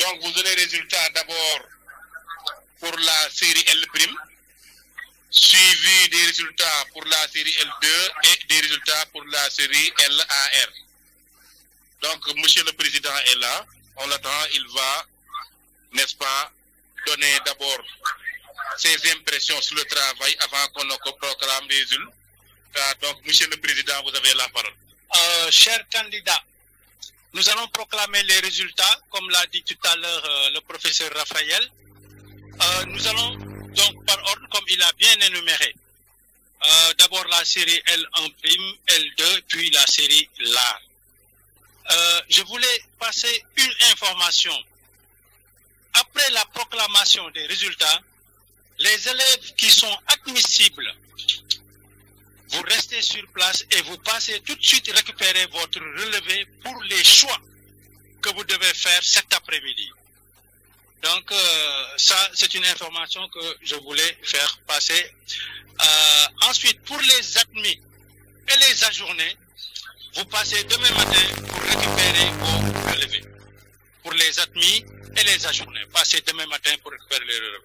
Donc vous aurez résultats d'abord pour la série L', suivi des résultats pour la série L2 et des résultats pour la série LAR. Donc, Monsieur le Président est là, on l'attend, il va, n'est-ce pas, donner d'abord ses impressions sur le travail avant qu'on ne proclame les résultats. Donc, Monsieur le Président, vous avez la parole. Euh, cher candidat, nous allons proclamer les résultats, comme l'a dit tout à l'heure euh, le professeur Raphaël. Euh, nous allons donc par ordre, comme il a bien énuméré, euh, d'abord la série L1', L2, puis la série LA. je voulais passer une information. Après la proclamation des résultats, les élèves qui sont admissibles vous restez sur place et vous passez tout de suite récupérer votre relevé pour les choix que vous devez faire cet après-midi. Donc, euh, ça, c'est une information que je voulais faire passer. Euh, ensuite, pour les admis et les ajournés, vous passez demain matin pour récupérer vos relevés. Pour les admis et les ajournés, passez demain matin pour récupérer les relevés.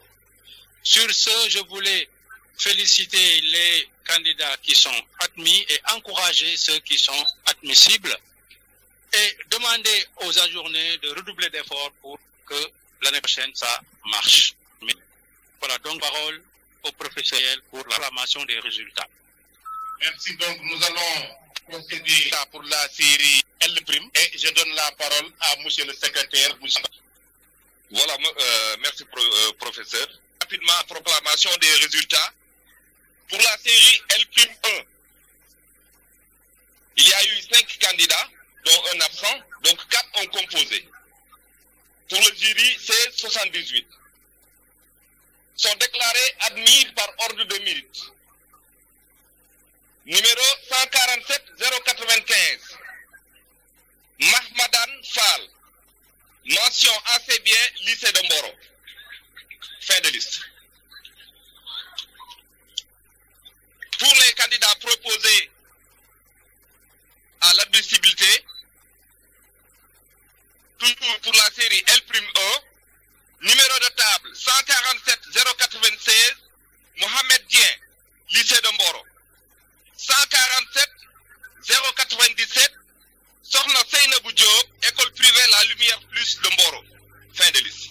Sur ce, je voulais féliciter les candidats qui sont admis et encourager ceux qui sont admissibles et demander aux ajournés de redoubler d'efforts pour que l'année prochaine ça marche. voilà donc parole au professionnels pour l'acclamation des résultats. Merci donc, nous allons procéder pour la série L' et je donne la parole à monsieur le secrétaire. Voilà, euh, merci euh, professeur. Rapidement, proclamation des résultats. Pour la série L1, il y a eu cinq candidats, dont un absent, donc quatre ont composé. Pour le jury, c'est 78. Sont déclarés admis par ordre de mérite. Numéro 147 095. Mahmadan Fall. Mention assez bien, lycée de Moro. Fin de liste. pour les candidats proposés à l'admissibilité, toujours pour la série L'E, numéro de table 147 096, Mohamed Dien, lycée de Mboro. 147 097, Sorna Seynabou école privée La Lumière Plus de Mboro. Fin de liste.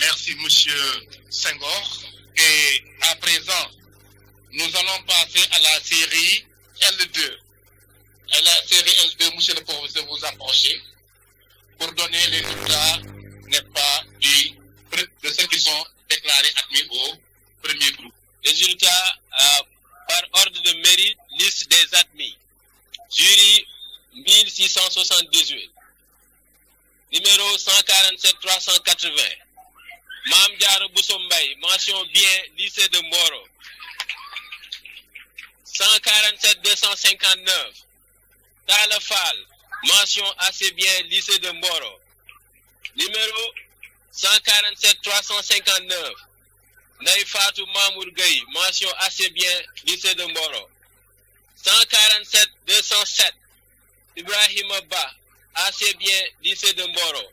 Merci, monsieur Senghor. Et à présent, nous allons passer à la série L2. À la série L2, monsieur le professeur, vous approchez pour donner les résultats, n'est pas du, de ceux qui sont déclarés admis au premier groupe. Résultats euh, par ordre de mérite, liste des admis. Jury 1678. Numéro 147-380. Mamgar mention bien, lycée de Moro. 147 259. Talafal, mention assez bien, lycée de Moro. Numéro 147 359. Naïfatou Mamour mention assez bien, lycée de Moro. 147 207. Ibrahim Abba, assez bien, lycée de Moro.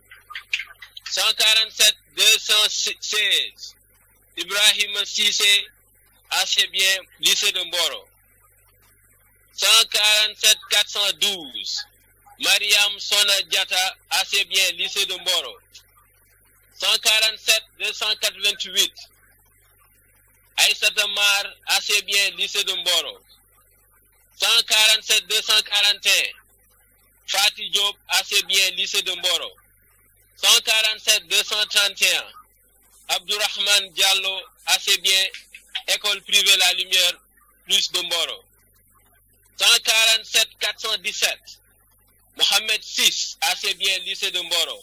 147 216. Ibrahim Sissé, assez bien, lycée de Moro. 147 412. Mariam Sona assez bien, lycée de Mboro. 147 288. Aïssata Mar, assez bien, lycée de Mboro. 147 241. Fatih Job assez bien, lycée de Mboro. 147 231. Abdourahman Diallo, assez bien, école privée La Lumière, plus de Mboro. 147 417. Mohamed 6, assez bien, lycée de Mboro.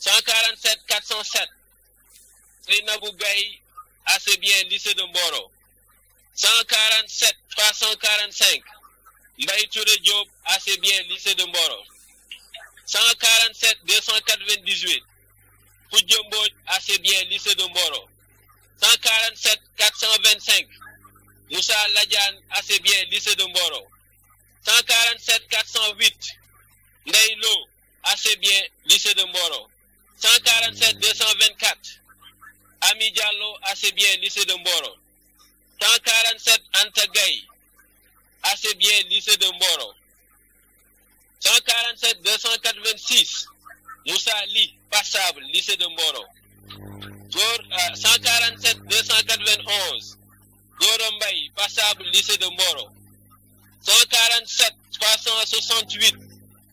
147 407. Trinabou assez bien, lycée de Mboro. 147 345. Mbaye Diop, assez bien, lycée de Mboro. 147 298. Foudjombo, assez bien, lycée de Mboro. 147 425. Moussa Ladian, assez bien, lycée de Mboro. 147 408, Leilo, assez bien, lycée de Mboro. 147 224, Ami assez bien, lycée de Mboro. 147 Antagay, assez bien, lycée de Mboro. 147 286, Moussa Li, passable, lycée de Mboro. 147 291, euh, Gorombay passable lycée de Mboro. 147 368,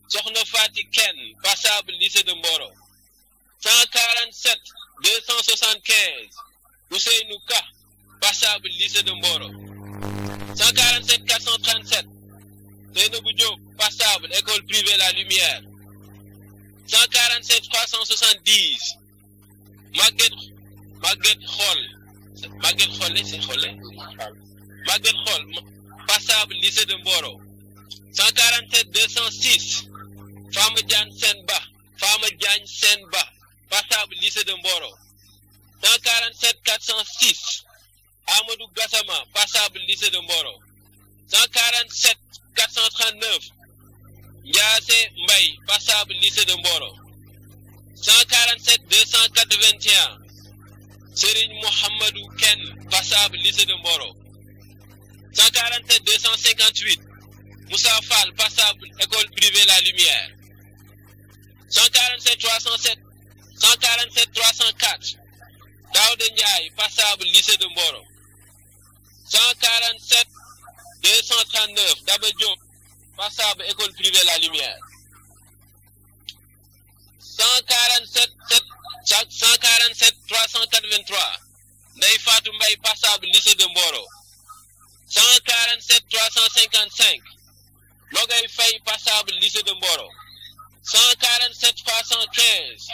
Sornofati Ken, passable lycée de Mboro. 147 275, Ousseinou passable lycée de Mboro. 147 437, Zenobu passable, école privée La Lumière. 147 370, Maguette Hall, Maguette ci passable lycée de Mboro 147 206 Femme Jan Senba, Femme Fama Senba, passable lycée de Mboro 147 406 Amadou Gassama passable lycée de Mboro 147 439 Yase Mbaye passable lycée de Mboro 147 281 Serigne Mohamedou Ken passable lycée de Mboro 147 258 Moussa Fall passable école privée La Lumière 147 307 147 304 Daoude Ndiaye passable lycée de Mboro 147 239 Dabedjo passable école privée La Lumière 147 383 Fatou passable lycée de Mboro 147 355 Logay Faye passable lycée de Mboro 147 315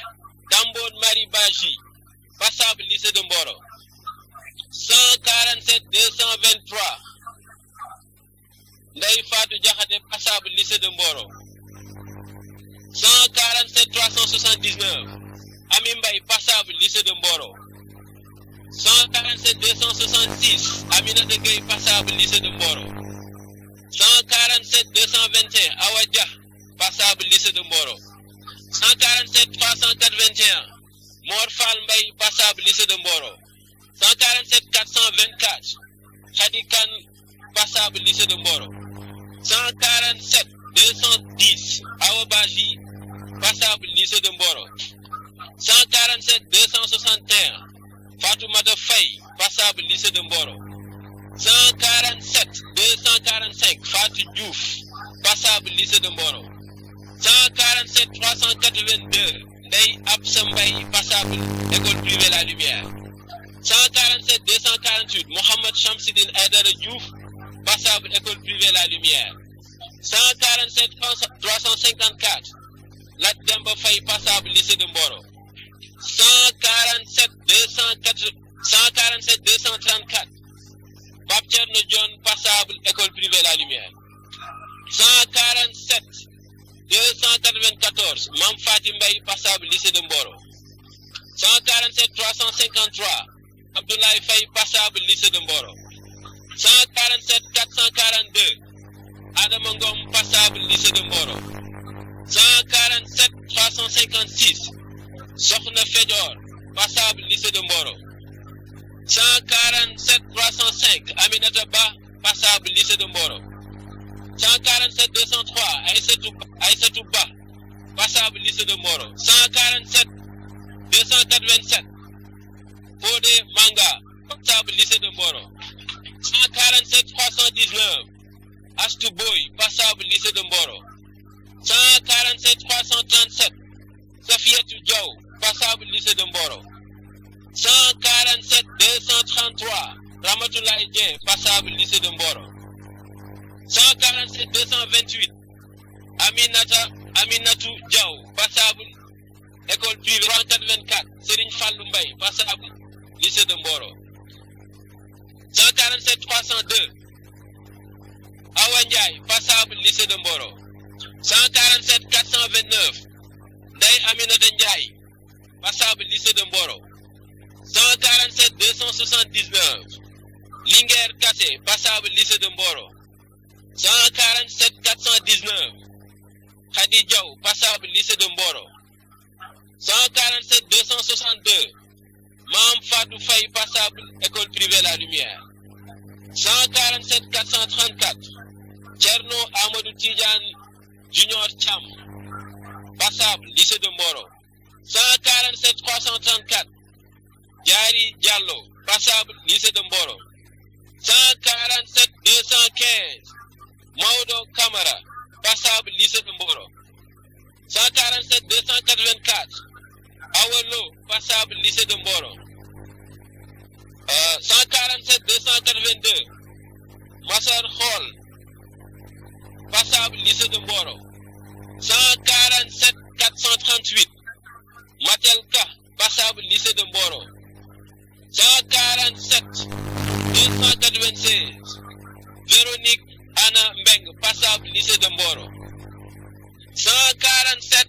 Dambon Marie Baji passable lycée de Mboro 147 223 Ndeye Fatou passable lycée de Mboro 147 379. Amimbaï, passable, lycée de Mboro. 147 266. Aminata passable, lycée de Mboro. 147 221. Awadja, passable, lycée de Mboro. 147 381. Morfal passable, lycée de Mboro. 147 424. Chadikan passable, lycée de Mboro. 147 210 Awabaji, passable lycée de Mboro. 147 261 Fatoumata Faye, passable lycée de Mboro. 147 245 Fatou Diouf, passable lycée de Mboro. 147 382 Ney Absambaye, passable école privée La Lumière. 147 248 Mohamed Shamsidine Adara Diouf, passable école privée La Lumière. 147 354 Lat Demba Faye passable lycée de Mboro 147 234 Pape Nujon John passable école privée La Lumière 147 294 Mam Mbaye passable lycée de Mboro 147 353 Abdoulaye Faye passable lycée de Mboro 147 442 Adam Angom passable lycée de Moro 147 356 Sokhna Fedor passable lycée de Moro 147 305 Aminata passable lycée de Moro 147 203 Aïssatou passable lycée de Moro 147 287 Fodé Manga passable lycée de Moro 147 319 Astuboy passable lycée de Mboro. 147 337, Safiatou Diaw, passable lycée de Mboro. 147 233, Ramatoulaye Laïdien, passable lycée de Mboro. 147 228, Aminata, Aminatou Diaw, passable école privée. 384, Serigne Fallou Mbaye, passable lycée de Mboro. 147 302, Awa passable lycée de Mboro 147 429 Day Aminata Ndiaye passable lycée de Mboro 147 279 Linger Kassé passable lycée de Mboro 147 419 Khadi passable lycée de Mboro 147 262 Mam Fatou Faye passable école privée La Lumière 147 434 Cherno Amadou Tijan Junior Cham, passable lycée de Mboro. 147 334, Yari Diallo, passable lycée de Mboro. 147 215, Maudo Kamara, passable lycée de Mboro. 147 284, Awelo, passable lycée de Mboro. 147 euh, 282, Massar Hall, Passable lycée de Mboro. 147 438. Matelka, passable lycée de Mboro. 147 296. Véronique Anna Meng, passable lycée de Mboro. 147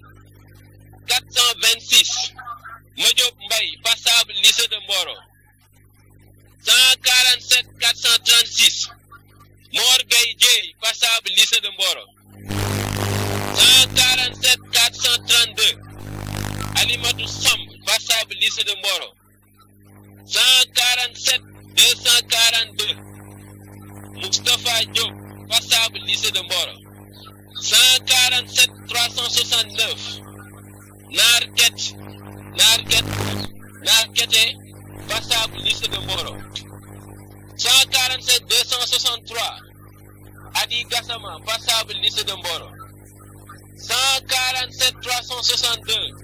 426. Mediop Mbaye, passable lycée de Mboro. 147 436. Morgay passable lycée de Mboro 147 432 Alimatou Samb passable lycée de Mboro 147 242 Mustafa Diop passable lycée de Mboro 147 369 Narket Narket Narkete passable lycée de Mboro 147 263 Adi Gassama, passable lycée de Mboro. 147 362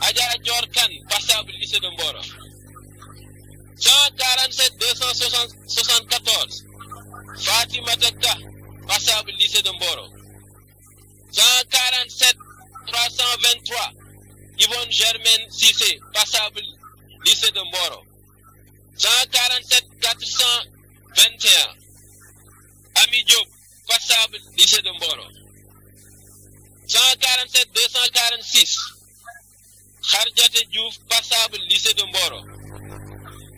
Adia Djorkan, passable lycée de Mboro. 147 274 Fatima Taka, passable lycée de Mboro. 147 323 Yvonne Germaine Sissé, passable lycée de Mboro. 147 421. Ami passable lycée de Mboro. 147 246. Kharjaté Diouf, passable lycée de Mboro.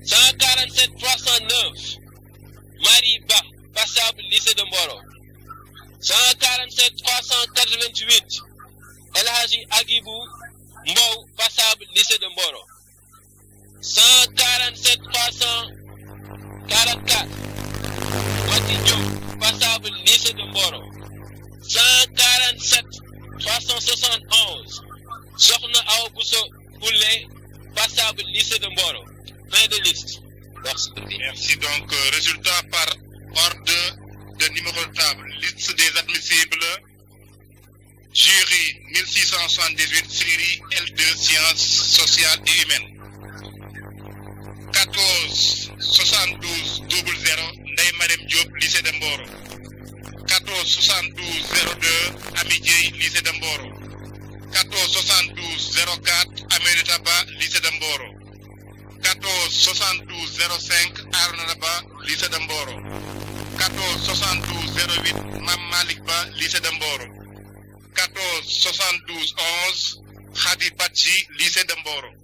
147 309. Marie Ba, passable lycée de Mboro. 147 388. El Agibou, Mbou, passable lycée de Mboro. 147 300 44 Wadi passable lycée de Mboro. 147 371 Sokhna Aobusso poulet passable lycée de Mboro. Fin de liste. Merci. Merci. Donc, euh, résultat par ordre de numéro de table. Liste des admissibles. Jury 1678, série L2, sciences sociales et humaines. 14 72 00 Ndeye Marème Diop lycée de Mboro 14 72 02 Ami Dieye lycée de Mboro 14 72 04 Aminata Ba lycée de Mboro 14 72 05 Arona Ba lycée de Mboro 14 72 08 Mam Malick Ba lycée de Mboro 14 72 11 Khady Badji lycée de Mboro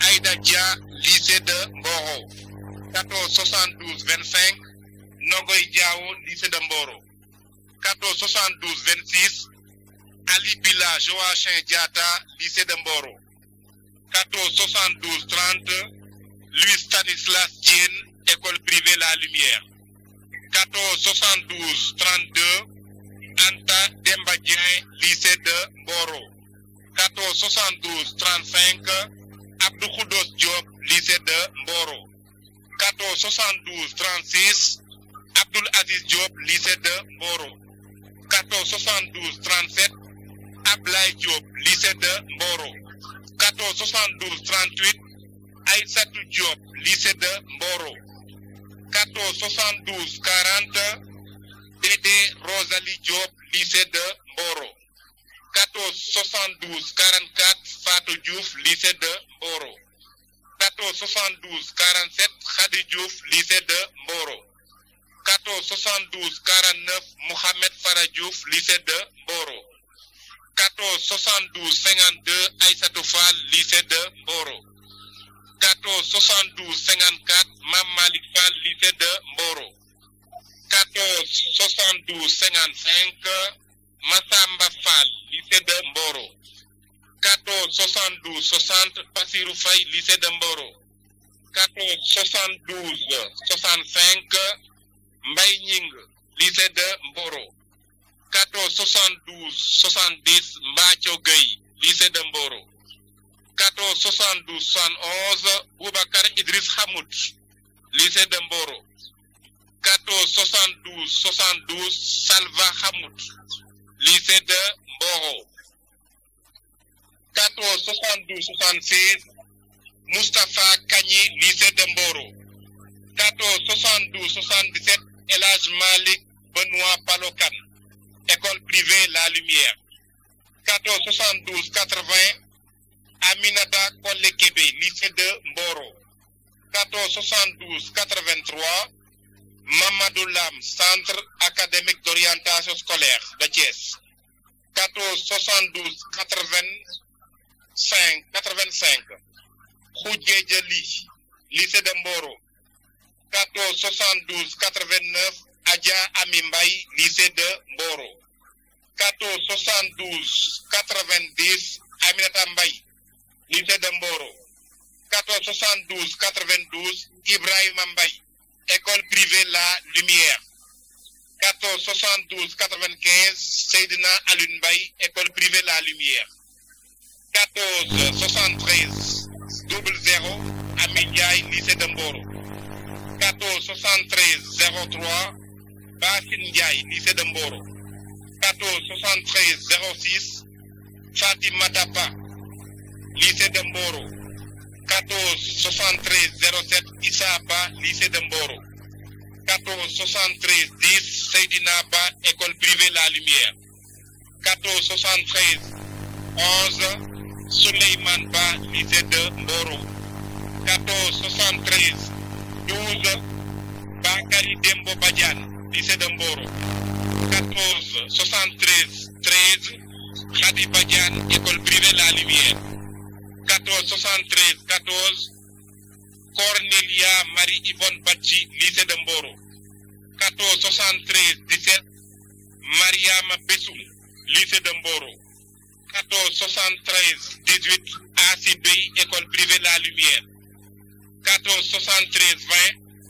Aïda Dia, lycée de Mboro. 14 25, Nogoy Diao, lycée de Mboro. 14 26, Ali Bila Joachim Diata, lycée de Mboro. 14 30, Louis Stanislas Dien, école privée La Lumière. 14 32, Anta Dembadien, lycée de Mboro. 14 35, Abdou Kudos Job, lycée de Mboro. 1472 72 36, Abdul Aziz Job, lycée de Mboro. 1472 37, Ablaï Job, lycée de Mboro. 1472 38, Aïsatou Job, lycée de Mboro. 1472 40, Dédé Rosalie Job, lycée de Mboro. 14 72 44 Fatou Diouf lycée de Mboro 14 72 47 Khady Diouf lycée de Mboro 14 72 49 Mohamed Farajouf, lycée de Mboro 14 72 52 Aïssatou Fall lycée de Mboro 14 72 54 Mam Malik Fall lycée de Mboro 14 72 55 Massamba Fall, lycée de Mboro. 14 72 60 Passiroufay, lycée de Mboro. 14 72 65 Mbaye lycée de Mboro. 14 72 70 Mbacho Gueye, lycée de Mboro. 14 72 71 Boubacar Idriss Hamoud, lycée de Mboro. 14 72 72 Salva Hamoud, lycée de Mboro. 14 72 76 Moustapha Kanyi lycée de Mboro. 14 72 77 Elage Malik Benoît Palokan, école privée La Lumière. 14 72 80 Aminata Kolekebe lycée de Mboro. 14 72 83 Mamadou Lam, Centre académique d'orientation scolaire de Thiès, 14 72 85 85. Khoudje Djeli, lycée de Mboro, 14 72 89. Adja Amimbaï, lycée de Mboro, 14 72 90. Aminata Mbaye, lycée de Mboro, 14 72 92. Ibrahim Mbaye, école privée La Lumière. 14 72 95 Seydina Alunbay école privée La Lumière. 14 73 00 Amidiaï, lycée de Mboro. 14 73 03 Bassin lycée de Mboro. 14 73 06 Fatima Dapa, lycée de 14 73 07 Issa lycée de Mboro 14 73 10 Seydina Ba école privée La Lumière 14 73 11 Souleymane Ba lycée de Mboro 14 73 12 Bakari Dembo Badian, lycée de Mboro 14 73 13 Khadi Badian, école privée La Lumière 1473 14 Cornelia Marie Yvonne Badji lycée de Mboro 14 17 Mariama Bessoum lycée de Mboro 18 ACBI école privée La Lumière 14 20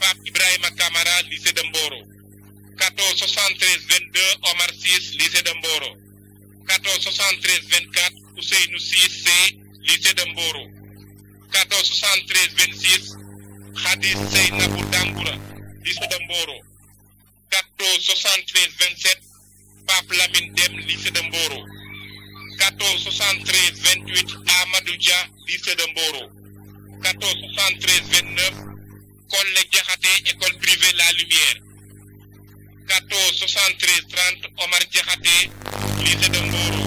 Pape Ibrahima Kamara lycée de Mboro 22 Omar 6 lycée de Mboro 14 24 Ousseynou C lycée de 1473 26 Hadis Seynabou Dangoura lycée de Mboro 27 Pape Lamine Dem lycée de Mboro 28 Amadou Dja, lycée de Mboro 14 29 Collège Diakhaté école privée La Lumière 1473 30 Omar Diakhaté lycée de Mboro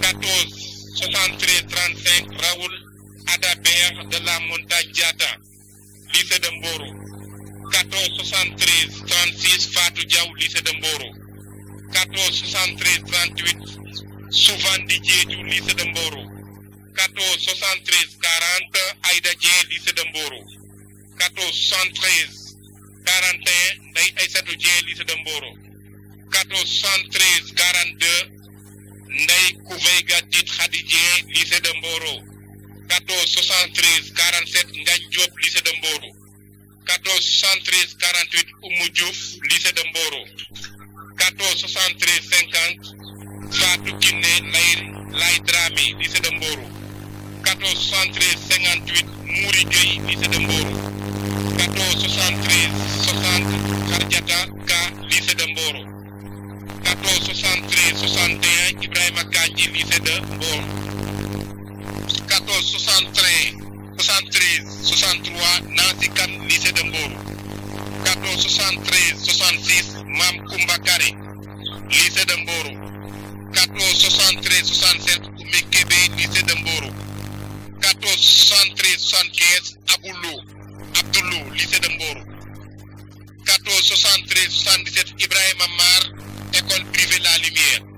14 6335 Raoul Adaber de la Montagiata, lycée de Mboro. 14 73 36 Fatou Diaw, lycée de Mboro. 14 73 38 Souvandi Diédiou, lycée de Mboro. 14 73 40 Aïda Dié, lycée de Mboro. 14 73 41 Aïsatou Aïssatou lycée de Mboro. 14 42 Ndei Kouveiga Dit Khadidje, lycée de Mboro. 14 73 47 Ngagne Diop, lycée de Mboro. 14 73 48 Oumou Diouf, lycée de Mboro. 14 73 50 Fatou Kiné Lai Drami, lycée de Mboro. 14 73 58 Mouri Gueye, lycée de Mboro. 14 73 60 Kardiata K, lycée de Mboro. 14 73 61 1463 63 73 63 Nancy khan lycée de Mbon. 14 66 Mam kumbakari lycée de Mboro. 14 67 Koumé lycée de Mboro. 14 75 Aboulou Abdoulou lycée de Mboro. 14 73 77 Ibrahim Amar école privée La Lumière.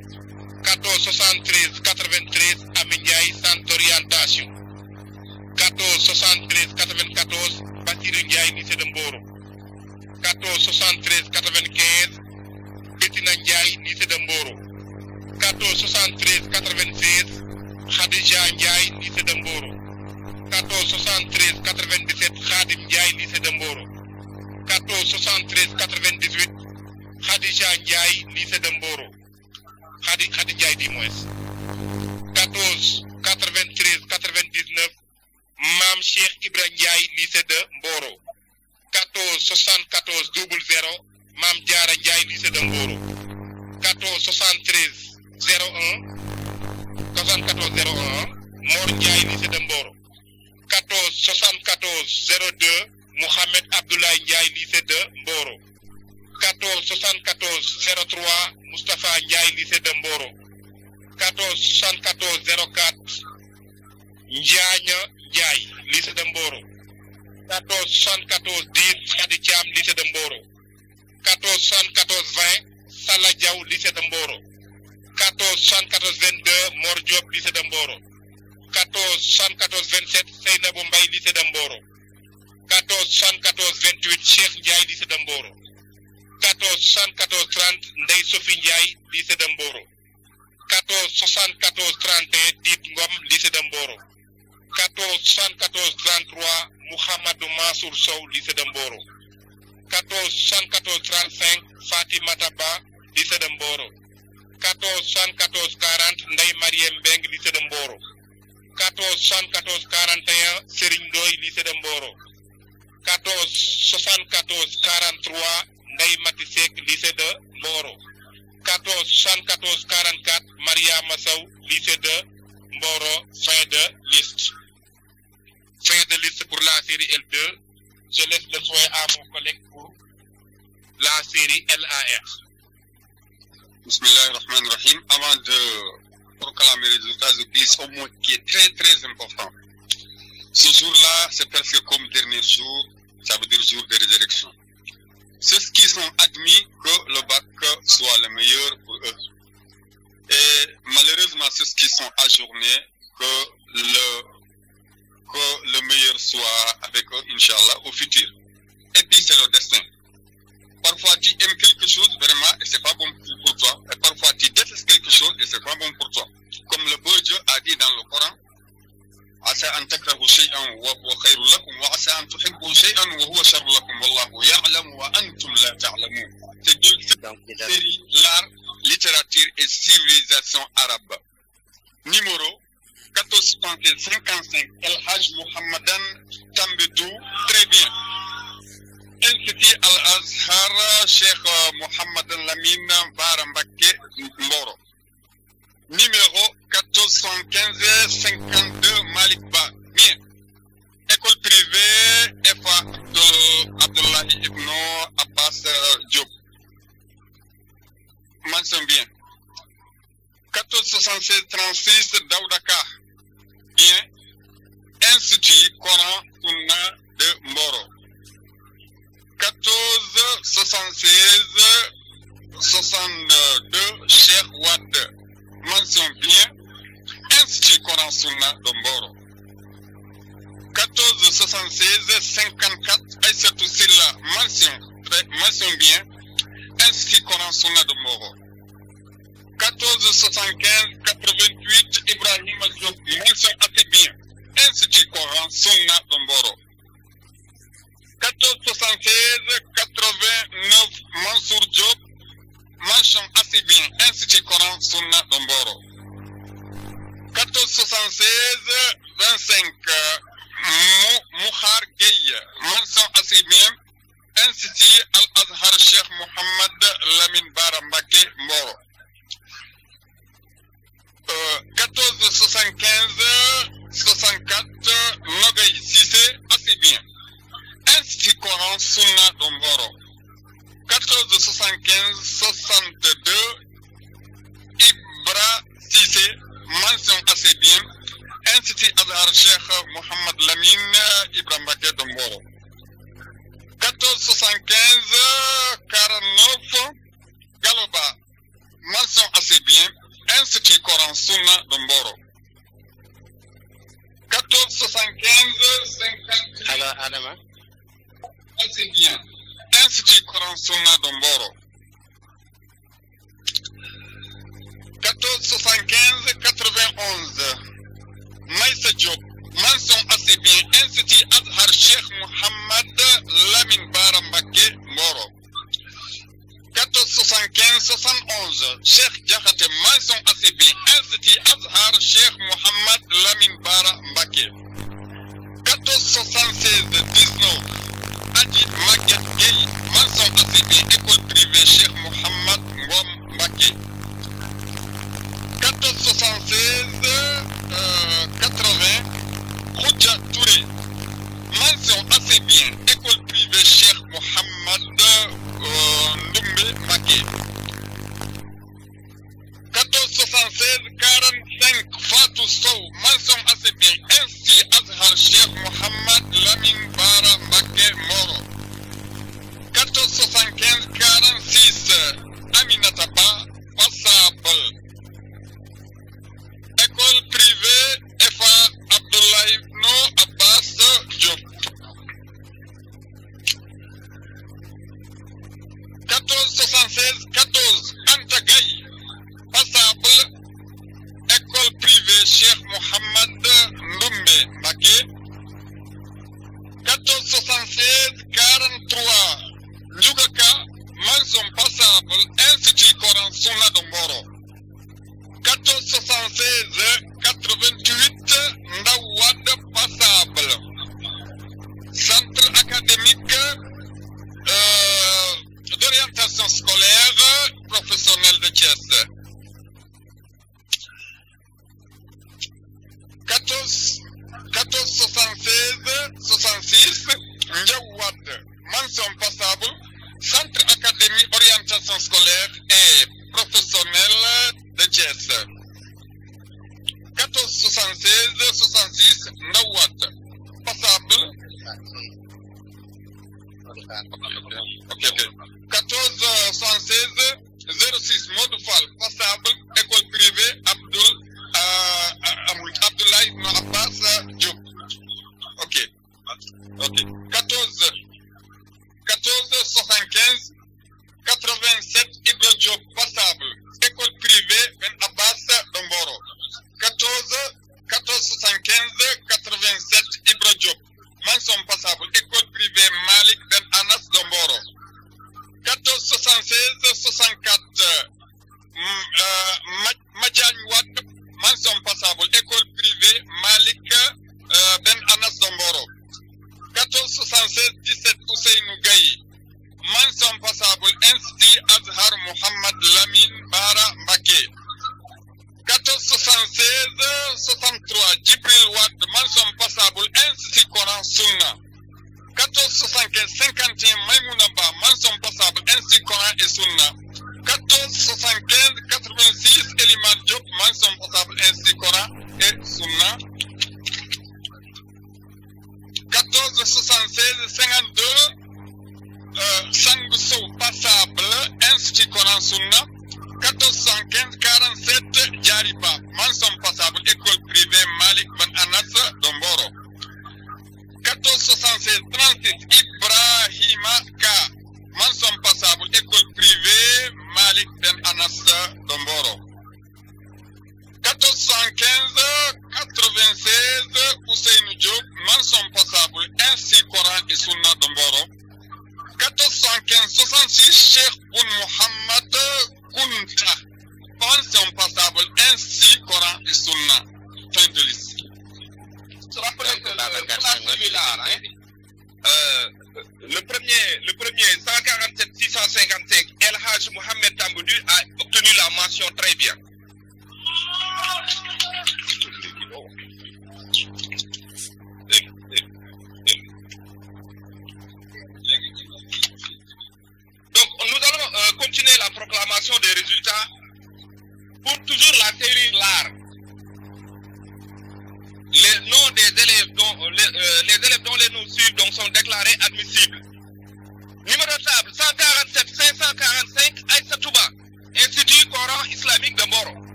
14 73 93 Ami Ndiaye centre d'orientation 14 73 94 Bassirou Ndiaye lycée de Mboro 14 73 95 Bettina Ndiaye lycée de Mboro 14 73 96 Khadija Ndiaye lycée de Mboro 14 73 97 Khadim Ndiaye lycée de Mboro 14 73 98 Khadija Ndiaye lycée de Mboro Khady Khady Ndiaye di moins 14 93 99 Maam Cheikh Ibra Ndiaye lycée de Mboro Maam Diarra Ndiaye lycée de Mboro 14 73 01 74 Mboro 14 74 02 Mouhamed Abdoulaye Mboro 14 03 Moustapha Ndiaye lycée de 14 74 04 Ndiagne Ndiaye lycée de 14 74 10 Khadi Thiam lycée de Mboro 14 20 Salah Diaw lycée de 14 22 Mor Diop lycée de 14 74 27 Seynabou Mbaye lycée d'Emboro. Mboro 14 28 Cheikh Ndiaye lycée de 14 30 Ndeye Sophie Ndiaye lycée de Mboro 14 74 31 Dite Ngom lycée de Mboro 14 74 33 Mouhamadou Mansour Sow lycée de Mboro 14 74 35 Fatima Taba lycée de Mboro 14 74 40 Ndeye Mariem Beng lycée de Mboro 14 74 41 Serigne Ndoy lycée de Mboro 14 74 43 Matissek Mati lycée de Moro. 14 74 44 Maria lycée de Moro, fin de liste fin de liste pour la série L2 je laisse le soin à mon collègue pour la série LAR Bismillahirrahmanirrahim, rahim avant de proclamer les résultats je glisse au mot qui est très très important ce jour-là c'est presque comme dernier jour ça veut dire jour de résurrection ceux qui sont admis que le bac soit le meilleur pour eux. Et malheureusement, ceux qui sont ajournés, que le, que le meilleur soit avec eux, Inch'Allah, au futur. Et puis, c'est le destin. Parfois, tu aimes quelque chose vraiment et c'est pas bon pour toi. Et parfois, tu détestes quelque chose et c'est pas bon pour toi. Comme le beau Dieu a dit dans le Coran, عسى أن تكرهوا شيئا وهو خير لكم وعسى أن تحبوا شيئا وهو شر لكم والله يعلم وأنتم لا تعلمون سيري لار لتراتير السيفيزاسيون عرب نيمورو 1455 الحاج محمد تنبدو تري بيان انستي الازهر شيخ محمد لمين بارمبكي مورو نيمورو 1415 52 Malikba, Bien. École privée FA de Ibn Abbas euh, Diop. Mention bien. 1476 36 Daoudaka. Bien. Institut Coran de Moro. 1476 62 Cheikh Mention bien ci 14 76 54 Aïsatou silla mention mention bien inscrit Coran Sunna ɗo mboro 14 75 88 Ibrahim Diop mention assez bien inscrit Coran Sunna ɗo mboro 1476 89 Mansour Diop mention assez bien inscrit Coran Sunna Domboro 1476 25 Mouhar Gaye, mention Ainsi institut Al Azhar Cheikh Mohamed Lamin Barambake Moro 1475 64 Nogay Sissé Ainsi Ainsi Coran Sunna Domboro. 1475 62 Ibra Sissé مانسون قصيدين انستي ازهر الشيخ محمد لمين ابراهيم باكيت 1475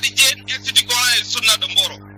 Khady Diène institut Coran et Sunna de Mboro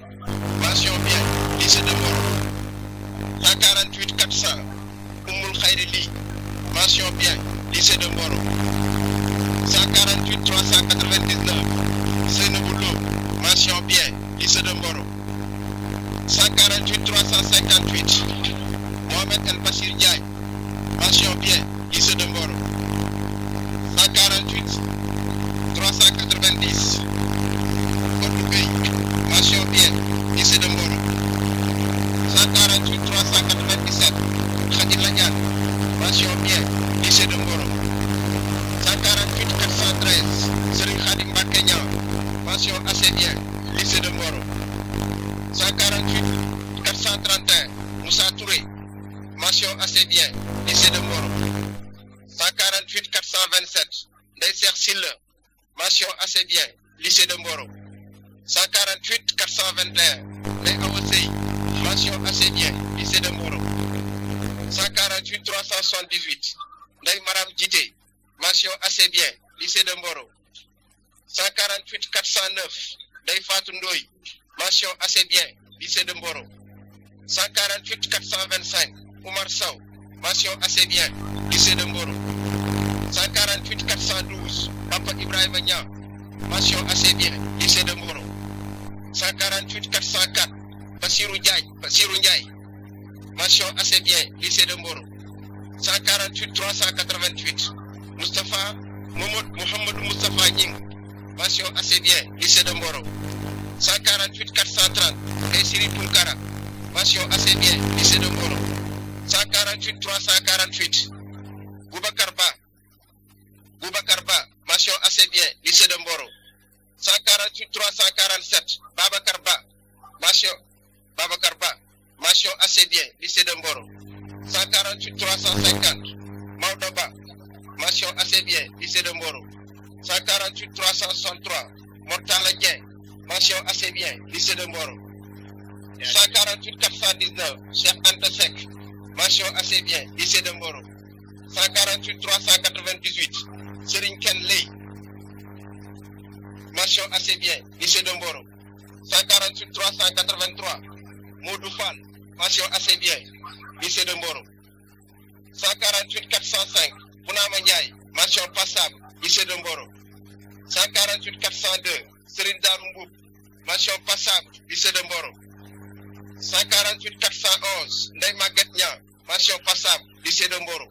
Mention bien lycée de Moro 148 400 Oumoul Khairili Mention bien lycée de Moro 148 399 Sénéboulou Mention bien lycée de Moro 148 358 assez bien de Mboro. 148 427, des Silla, mention assez bien, lycée de Moro 148 421, Les mention assez bien, lycée de Moro 148 378, Ndey Maram Djité, mention assez bien, lycée de Moro 148 409, Ndey Fatou mention assez bien, lycée de Moro 148 425, Oumar Sow, mention assez bien, lycée de Mboro. 148 412, Papa Ibrahim Agnan, mention assez bien, lycée de Mboro. 148 404, Bassirou Ndiaye, Bassirou Ndiaye, assez bien, lycée de Mboro. 148 388, Moustapha, Mohamed Moustapha Ying, Nying, assez bien, lycée de Mboro. 148 430, Essiri Poukara, Mation assez bien, lycée de Mboro. 148 348 Boubacar Ba Boubacar mention assez bien lycée de Mboro 148 347 Babacarba, Ba mention assez bien lycée de Mboro 148 350 Mordoba, Ba assez bien lycée de Mboro 148 363 Mortala Guin mention assez bien lycée de Mboro 148 419 Cheikh Anta mention assez bien, lycée de Mboro. 148 398, Serine Kenley. Mention assez bien, lycée de Mboro. 148 383, Moudoufal. Mention assez bien, lycée de Mboro. 148 405, Bounama Ndiaye. Mention passable, lycée de Mboro. 148 402, Serine Darumbou, Mention passable, lycée de Mboro. 148 411 Ndeye Maguette Niang mention passable lycée de Mboro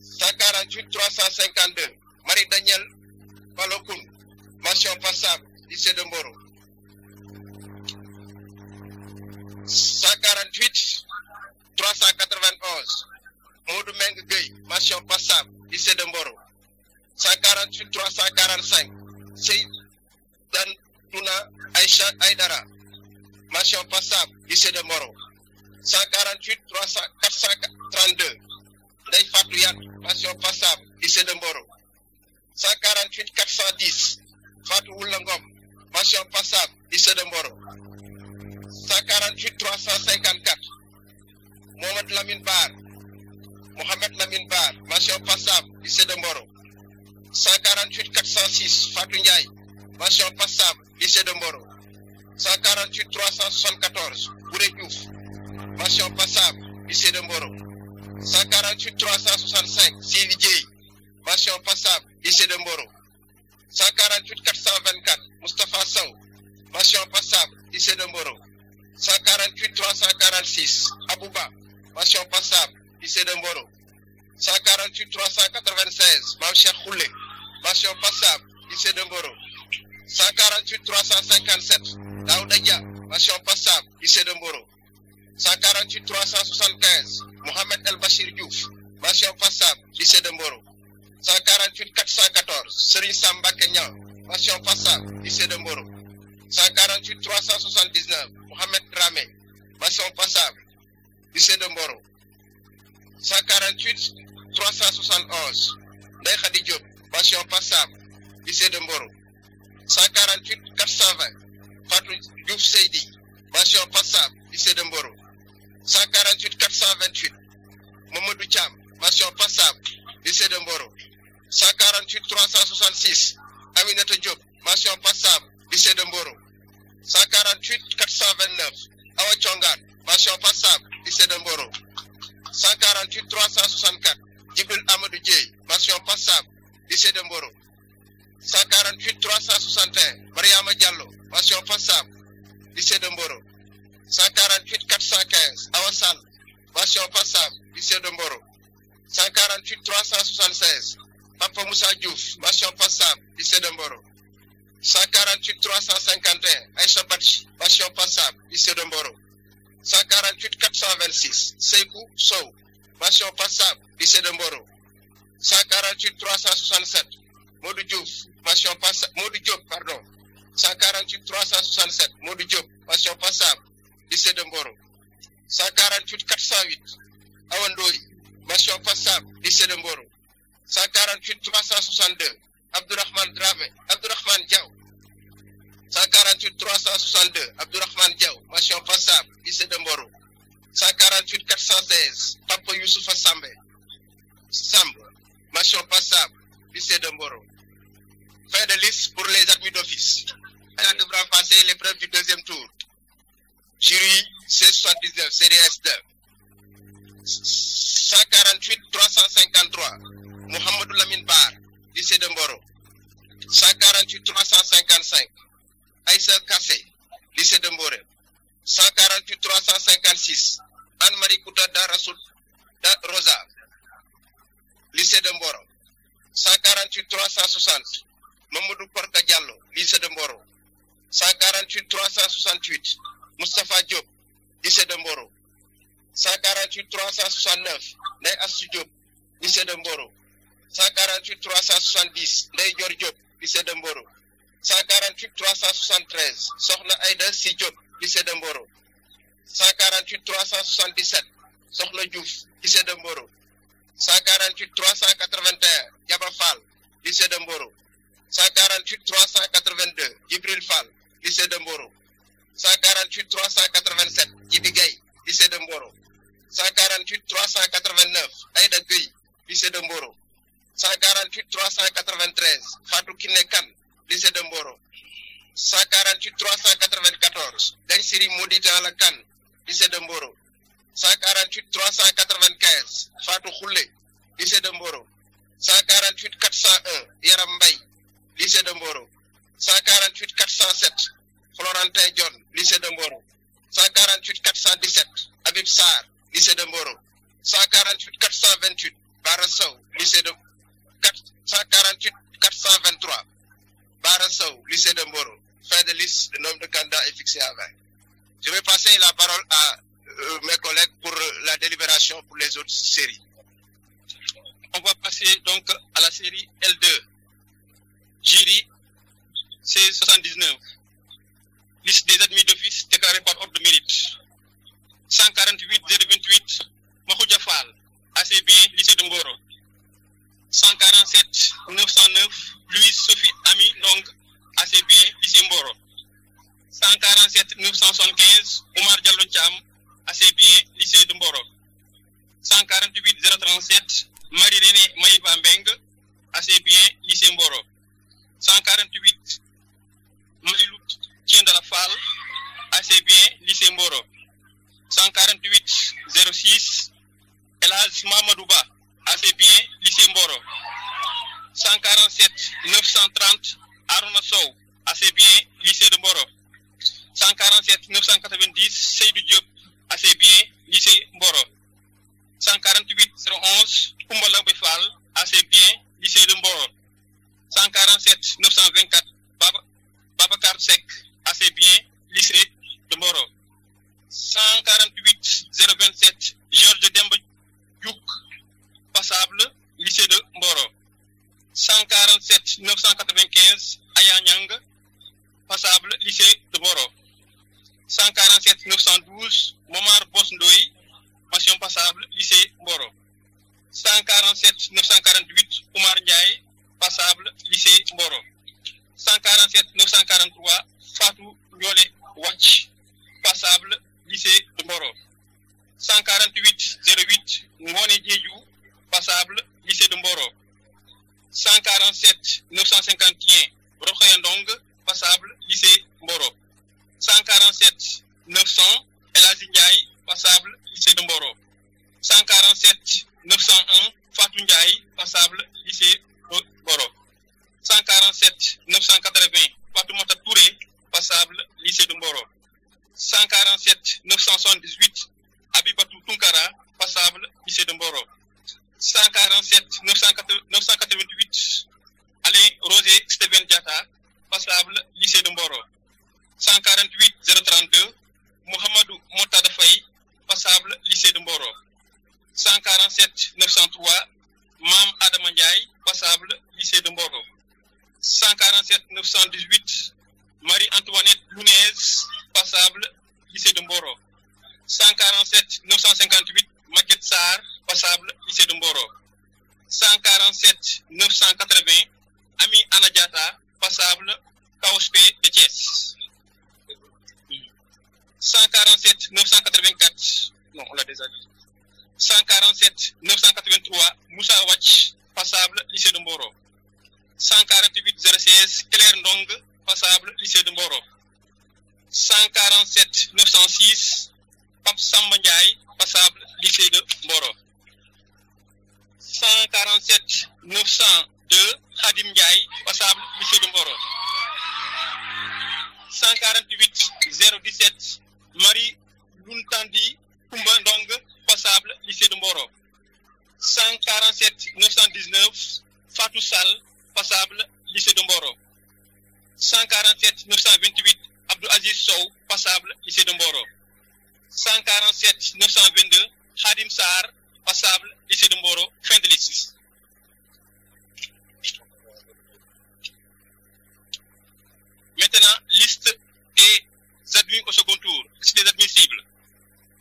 148 352 Marie Daniel Balokoun Mansion passable lycée de Mboro 148 391 Maudou Meng Gueye mention passable lycée de Mboro 148 345 Seyd Dan Tuna Aïcha Aïdara Mansion passable, lycée de Moro. 148 432, Ndeye Fatou passable, lycée de Moro. 148 410, Fatou Oulangom, Mansion passable, lycée de Moro. 148 354, Mohamed Lamine Bar, Mohamed Lamine Bar, mention passable, lycée de Moro. 148 406, Fatou Ndiaye, mention passable, lycée de Moro. 148 374 Bouré Diouf passable lycée de Mboro 148 365 Sylvie Mation passable lycée de Mboro 148 424 Moustapha Sow Passion passable lycée de Mboro 148 346 Abouba Passion passable lycée de Mboro 148 396 Mamcher Khoulé Passion passable lycée de Mboro 148 357, Daouda Dia, passam Passable, lycée de Moro. 148 375, Mohamed El bashir Diouf, Passion Passable, lycée de Moro. 148 414, Seri Samba Kenyan, Passion Passable, lycée de Moro. 148 379, Mohamed Dramé, Passion Passable, lycée de Moro. 148 371, Ndeye Khadi Diop, Passable, lycée de Moro. 148 420, Fatou Diouf Seydi, mention passable, lycée de Mboro. 148 428, Mamadou Cham, mention passable, lycée de Mboro. 148 366, Aminata Diop, mention passable, lycée de Mboro. 148 429, Awa Chongan, mention passable, lycée de Mboro. 148 364, Djibril Amadou Dieye, mention passable, lycée de Mboro. 148 361 Mariama Diallo Passion Fassam lycée de Mboro 148 415 Awassane, Bastion Passion Fassam lycée de Mboro 148 376 Papa Moussa Diouf Passion Fassam lycée de Mboro 148 351 Aïcha Bachi, Passion Passable, lycée de Mboro 148 426 Seikou Sou Passion Fassam lycée de Mboro 148 367 Modou Diouf, passion passable, pardon, 148 367, Modou Diop, passion passable, lycée de Mboro. 148 408, Awandoui, passion passable, lycée de Mboro. 148 362, Abdurrahman Drave, Abdurrahman Diaw. 148 362, Abdurrahman Diaw, passion passable, lycée de Mboro. 148 416, Papa Youssouf Assambe. de Mboro. Fin de liste pour les admis d'office. Elle devra passer l'épreuve du deuxième tour. Jury c série S2. 148 353, Mohamed Lamine Bar, lycée de Mboro. 148 355, Aïssel Kassé, lycée de Mboro. 148 356, Anne-Marie Kouta Rosa, lycée de Mboro. 148 360 Mamadou Porta Diallo lycée de Mboro 148 368 Mustafa Diop lycée de Mboro 148 369 Ney Assou Diop lycée de Mboro 148 370 Ney Dior Diop lycée de Mboro 148 373 Sokhna Aïda Si lycée de 148 377 Sokhna Diouf lycée de Mboro 148 381 Yabafal, Fall lycée de Mboro 148 382 Yibrilfal, Fall lycée de Mboro 148 387 Yibigai, lycée de Mboro 148 389 Aïda lycée de Mboro 148 393 Fatou Kinekan, lycée de Mboro 148 394 Densiri Siri Jalakan lycée de Mboro 148 395 Fatou Khoulé, lycée de Mboro. 148 401 Yaram Mbaye, lycée de Mboro. 148 407 Florentin John, lycée de Mboro. 148 417 Abib Sar, lycée de Mboro. 148 428 Barasso, lycée de 148 423 Barasso, lycée de Mboro. Fin de liste, le nombre de candidats est fixé à 20. Je vais passer la parole à euh, mes collègues pour la délibération pour les autres séries. On va passer donc à la série L2. Jury C79. Liste des admis d'office déclarés par ordre de mérite. 148 028 Mahoud Jafal, ACB, lycée de Mboro. 147 909 Louise Sophie Ami, donc ACB, lycée Mboro. 147 975 Omar Diallo Cham, assez bien lycée de Mboro. 148 037, Marie-Renée Maïba assez bien lycée Mboro. 148, Malilou la Fall, assez bien lycée Mboro. 148 06, Elaz Mamadouba, assez bien lycée Mboro. 147 930, Aruna Sow, assez bien lycée de Mboro. 147 990, Seydou Diop, assez bien lycée Mboro. 148 011 Kumbala Befal, assez bien lycée de Mboro. 147 924 Babacar assez bien lycée de Mboro. 148 027 Georges Dembe passable lycée de Mboro. 147 995 Ayanyang, passable lycée de Mboro. 147 912 Momar Bosndoy, pension passable, lycée Moro. 147 948 Oumar Ndiaye, passable, lycée Mboro. 147 943 Fatou Nyole Watch, passable, lycée de 148 08 Mwone passable, lycée de Mboro. 147 951 Ndong, passable, lycée Mboro. 147 900 El Ndiaye, passable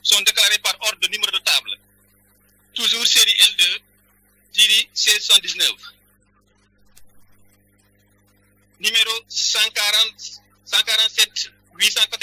sont déclarés par ordre de numéro de table. Toujours série L2, série 1619. Numéro 147, 840.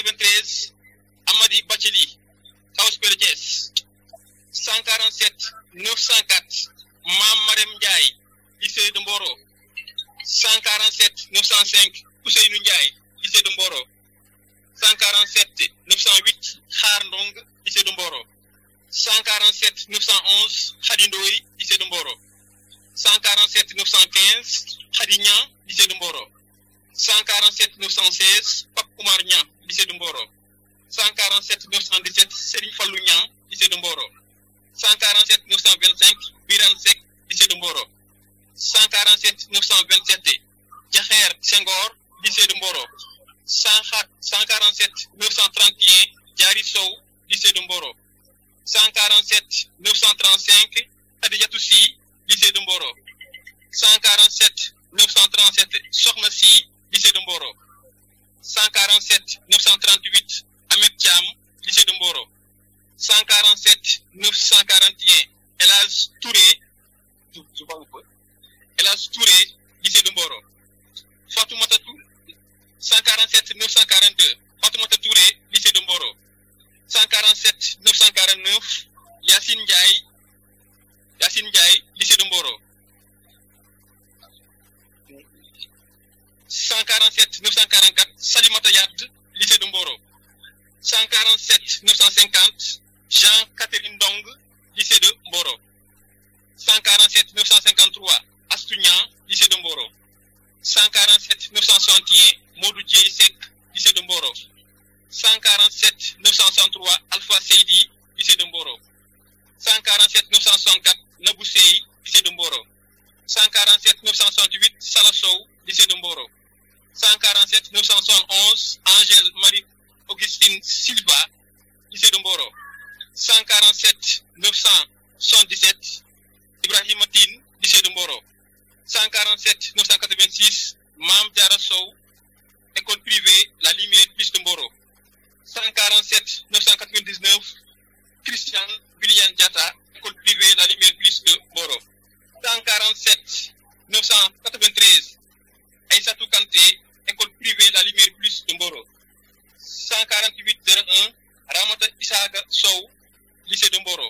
147 963 Alpha Seydi lycée de Mboro 147 964 Nabusei, lycée de Mboro 147 968 Salassou lycée de Mboro 147 971 Angèle Marie Augustine Silva lycée de Mboro 147 977 Ibrahim Matin lycée de Mboro 147 986 Mam Diara école privée La Lumière Piste de Mboro 147 999 Christian William Diata, école privée La Lumière Plus de Boro 147 993 Aïssatou Kante école privée La Lumière Plus de Boro 148 01 Ramata isaga sou lycée de Mboro.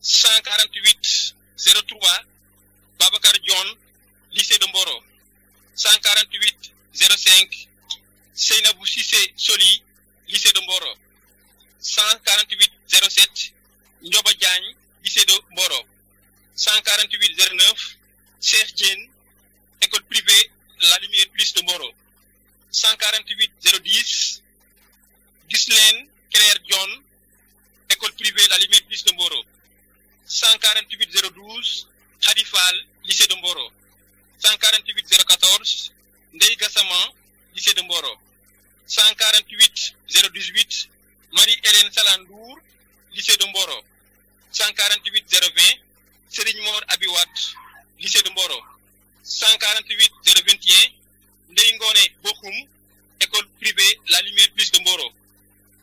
148 03 Babacar Dion, lycée de Mboro. 148 05 Seynabou sissé Soli lycée de Mboro 148 07 Ndioba lycée de Mboro 148 09 Cheikh école privée La Lumière Plus de Mboro 148 010 Ghislaine Claire Dion école privée La Lumière Plus de Mboro 148 012 Hadifal, lycée de Mboro 148 014 Ndey Gassaman, lycée de Mboro 148 018 Marie-Hélène Salandour lycée de Mboro 148 020 Serigne Abiwat lycée de Mboro 148 021 Ndei Ngone Bokoum école privée La Lumière Plus de Mboro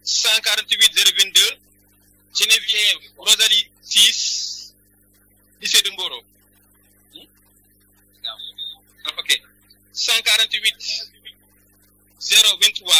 148 022 Geneviève Rosalie 6 lycée de Mboro 148 023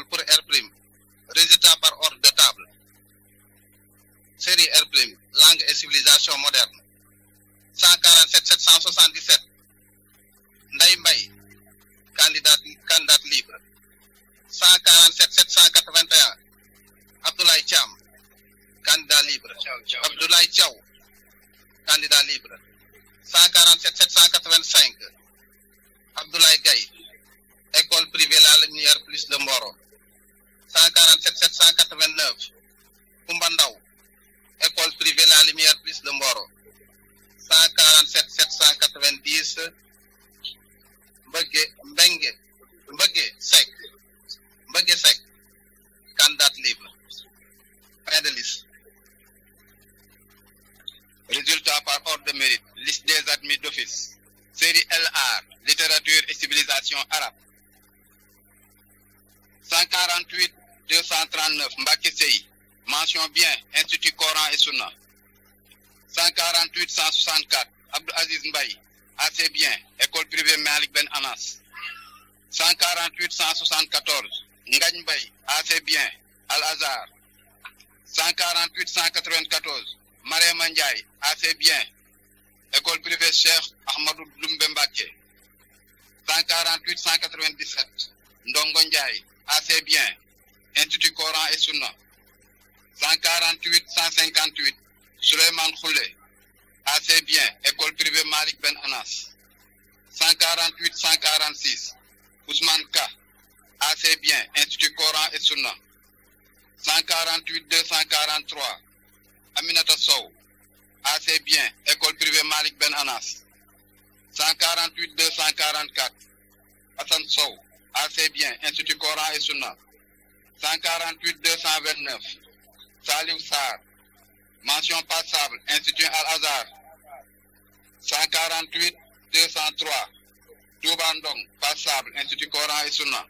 table pour R prime résultat par ordre de table série R prime langue et civilisation moderne 147 777 Ndaye Mbaye candidat candidat libre 147 781 Abdoulaye cham candidat libre Abdoulaye chaw candidat libre 147 785 Abdoulaye Gaye école privée la lumière plus de moro 147 789 Koumba école privée La Lumière Plus de Mboro 147 790 Mbengue. Mbenge sec. Seck sec. Candidat libre fin de liste résultat par ordre de mérite liste des admis d'office série LR littérature et civilisation arabe 148 239 Mbakesei, Sey mention bien Institut Coran et Sunna 148 164 Abdul Aziz Mbaye assez bien école privée Malik Ben Anas 148 174 Ngagne Mbaye assez bien Al Azhar 148 194 Marema Ndiaye assez bien école privée Cheikh Ahmadou Doumbé 148 197 Ndongo Ndiaye assez bien Institut Coran et Sunna, 148 158, Suleiman Khoulé, Assez Bien, École privée Malik Ben Anas, 148 146, Ousmane K, Assez Bien, Institut Coran et Sunna, 148 243, Aminata Sow, Assez Bien, École privée Malik Ben Anas, 148 244, Hassan Sow, Assez Bien, Institut Coran et Sunna, 148 229, Salif Sar, mention passable, Institut Al-Azhar, 148 203, Toubandong, passable, Institut Coran et Sunna,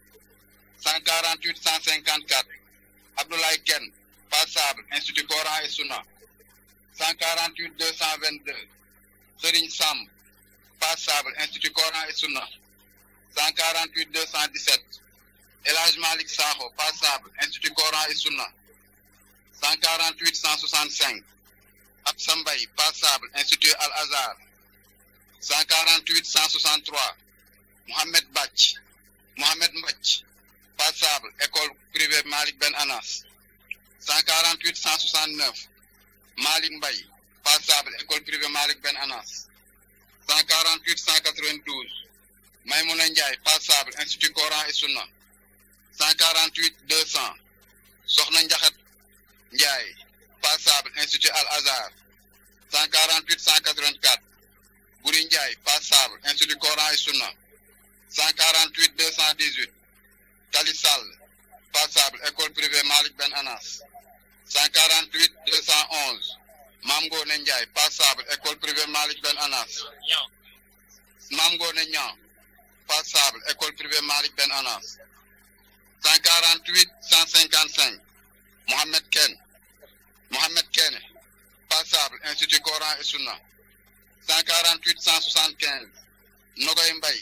148 154, Abdoulaye Ken, passable, Institut Coran et Sunna, 148 222, Serigne Sam, passable, Institut Coran et Sunna, 148 217, El Malik Saho, passable Institut Coran et Sunna 148 165 Absambay, passable Institut Al Azhar 148 163 Mohamed Bach Mohamed Moch, passable école privée Malik Ben Anas 148 169 Malik Mbaye passable école privée Malik Ben Anas 148 192 Maïmoun Ndiaye passable Institut Coran et Sunna 148 200 Sohna Ndiaye passable institut Al Azhar 148 184 Bourin Ndiaye passable institut Coran et Sunna 148 218 Kalisal, passable école privée Malik Ben Anas 148 211 Mamgo passable école privée Malik Ben Anas Mamgo Ngone passable école privée Malik Ben Anas 148 155 Mohamed Ken Mohamed Ken Passable Institut Coran et Sunna 148 175 Nogoy Mbaye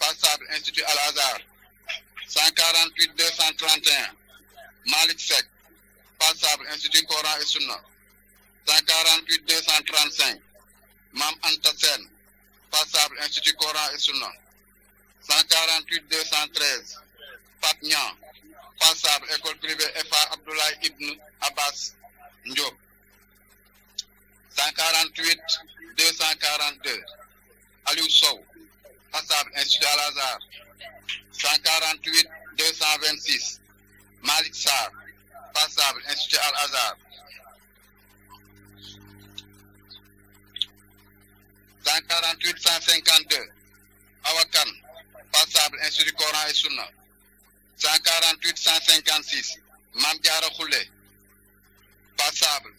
Passable Institut Al-Azhar 148 231 Malik Sek Passable Institut Coran et Sunna 148 235 Mam Antassen Passable Institut Coran et Sunna 148 213 Pape Passable école privée FA Abdoulaye Ibn Abbas Ndiop 148 242 Aliou Sow passable, Institut Al-Azhar 148 226 Malik Sarr passable, Institut Al-Azhar 148 152 Awakan passable, Institut Coran et Sunna 148 156 Mamdiara Khoulé Passable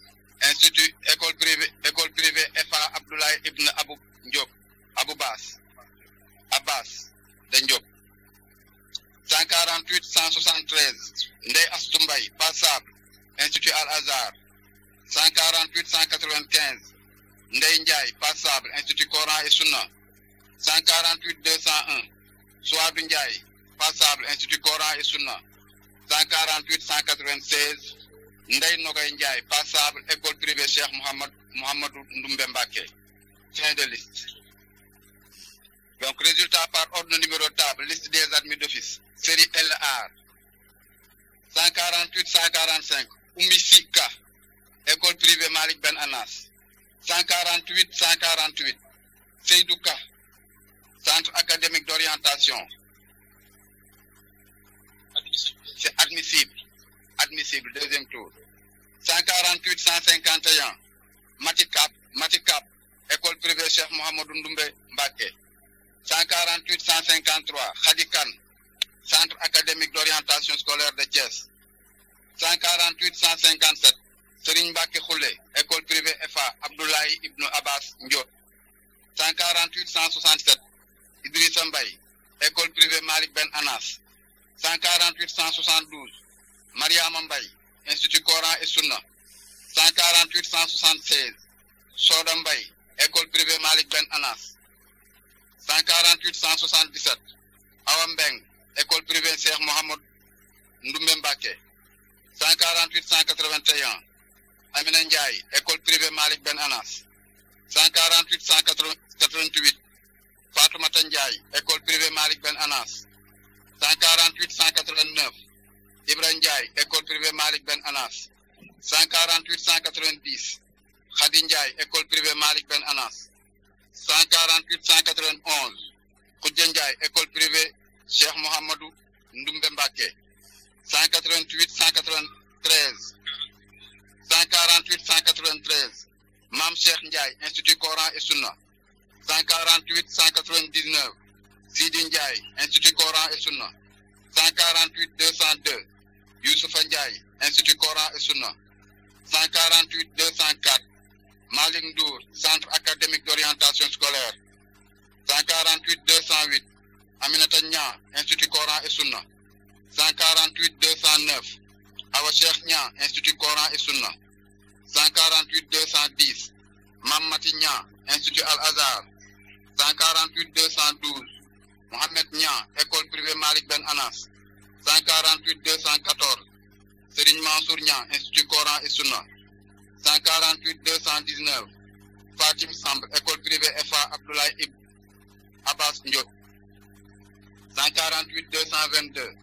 Institut École privée École privée FA Abdoulaye Ibn Abou Abbas de 148 173 Nde Astumbay Passable Institut Al Azhar 148 195 Nde Ndiaye Passable Institut Coran et Sunna 148 201 Soab Ndiaye passable Institut Coran et Sunna 148 196 Ndey Nogay Ndiaye passable école privée Cheikh Mohamed Mohamedou fin de liste donc résultat par ordre numéro table liste des admis d'office série LR 148 145 Oumissika, école privée Malik Ben Anas 148 148 Seydouka centre académique d'orientation c'est admissible. Admissible, deuxième tour. 148, 151, Matikap, Matikap, école privée Cheikh Mohamed Ndoumbe Mbake. 148, 153, Khadikan, centre académique d'orientation scolaire de Thiès. 148, 157, Serigne Mbake Khoule, école privée FA, Abdoulaye Ibn Abbas Ndiot. 148, 167, Idrissa Mbaye, école privée Malik Ben Anas. 148 172 Maria Mbaye Institut Coran et Sunna 148 176 Sodambay, École privée Malik Ben Anas 148 177 Awambeng, École privée Cheikh Mohamed Ndoumbe 148 181 Amina Ndiaye École privée Malik Ben Anas 148 188 Fatoumata Ndiaye École privée Malik Ben Anas 148 189 Ibrahim Ndiaye école privée Malik Ben Anas 148 190 Khady Ndiaye école privée Malik Ben Anas 148 191 Khoudia Ndiaye école privée Cheikh Mohamedou Ndoumbe Mbake. 188 193 148 193 Mam Cheikh Ndiaye Institut Coran et Sunna 148 199 Sidi Ndiaye, Institut Coran et Sunna, 148 202. Youssef Ndiaye, Institut Coran et Sunna, 148 204. Malik Centre académique d'orientation scolaire, 148 208. Aminata Institut Coran et Sunna, 148 209. Awa Cheikh Institut Coran et Sunna, 148 210. Mamati Institut Al-Azhar, 148 212. Mohamed Nia, école privée Malik Ben Anas, 148 214. Serigne Mansour Nia, Institut Coran et Sunna, 148 219. Fatim Sambre, école privée FA Abdoulaye Ib, Abbas Nyot 148 222.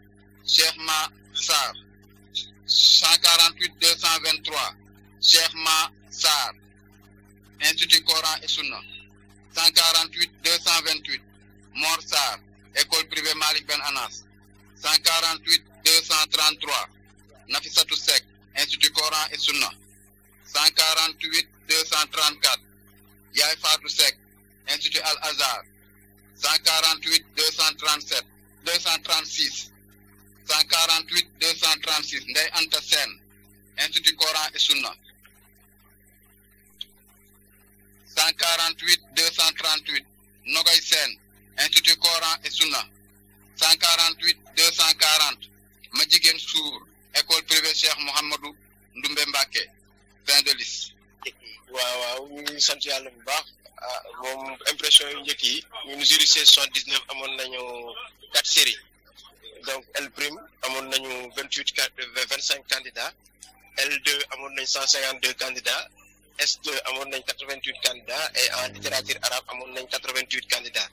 Cheikh Ma Sar, 148 223. Cheikh Ma Sar, Institut Coran et Sunna, 148 228. Morsar, école privée Malik Ben Anas, 148 233, Nafisatou Sek, Institut Coran et Sunna, 148 234, Yaï Fatou Sek, Institut Al-Azhar, 148 237, 236, 148 236, Ndey Anta Sen, Institut Coran et Sunna, 148 238, Nogay Sen, Institut Coran et Sunna 148 240 Madjiguène Sour école privée Cheikh Mohamedou, Ndoumbe Mbake, fin de liste. waaw oui, ñu ah impression est que nous 79 4 quatre séries donc L prime euh, candidats L2 amoon 152 candidats S2 88 candidats et en littérature arabe 88 candidats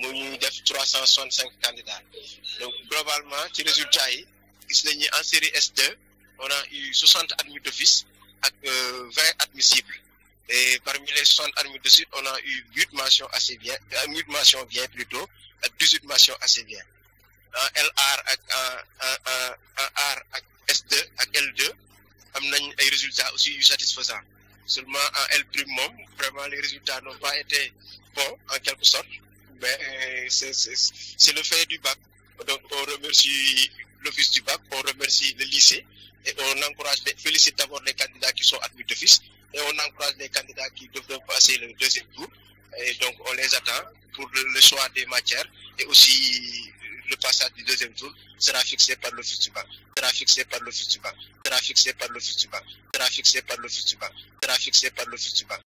nous avons def 365 candidats donc globalement les résultats sont en série S2 on a eu 60 admis d'office à 20 euh, admissibles et parmi les 60 admis d'office on a eu 8 mentions assez bien 8 euh, mentions bien plutôt et 18 mentions assez bien en LR en R à S2 à L2 on a eu des résultats aussi satisfaisants seulement en L vraiment les résultats n'ont pas été bons en quelque sorte ben, c'est le fait du bac. Donc on remercie l'office du bac, on remercie le lycée et on encourage, félicite d'abord les candidats qui sont admis d'office et on encourage les candidats qui devront passer le deuxième tour. Et donc on les attend pour le choix des matières et aussi le passage du deuxième tour sera fixé par le du sera fixé par l'office du sera fixé par le du sera fixé par l'office du sera fixé par l'office du bac.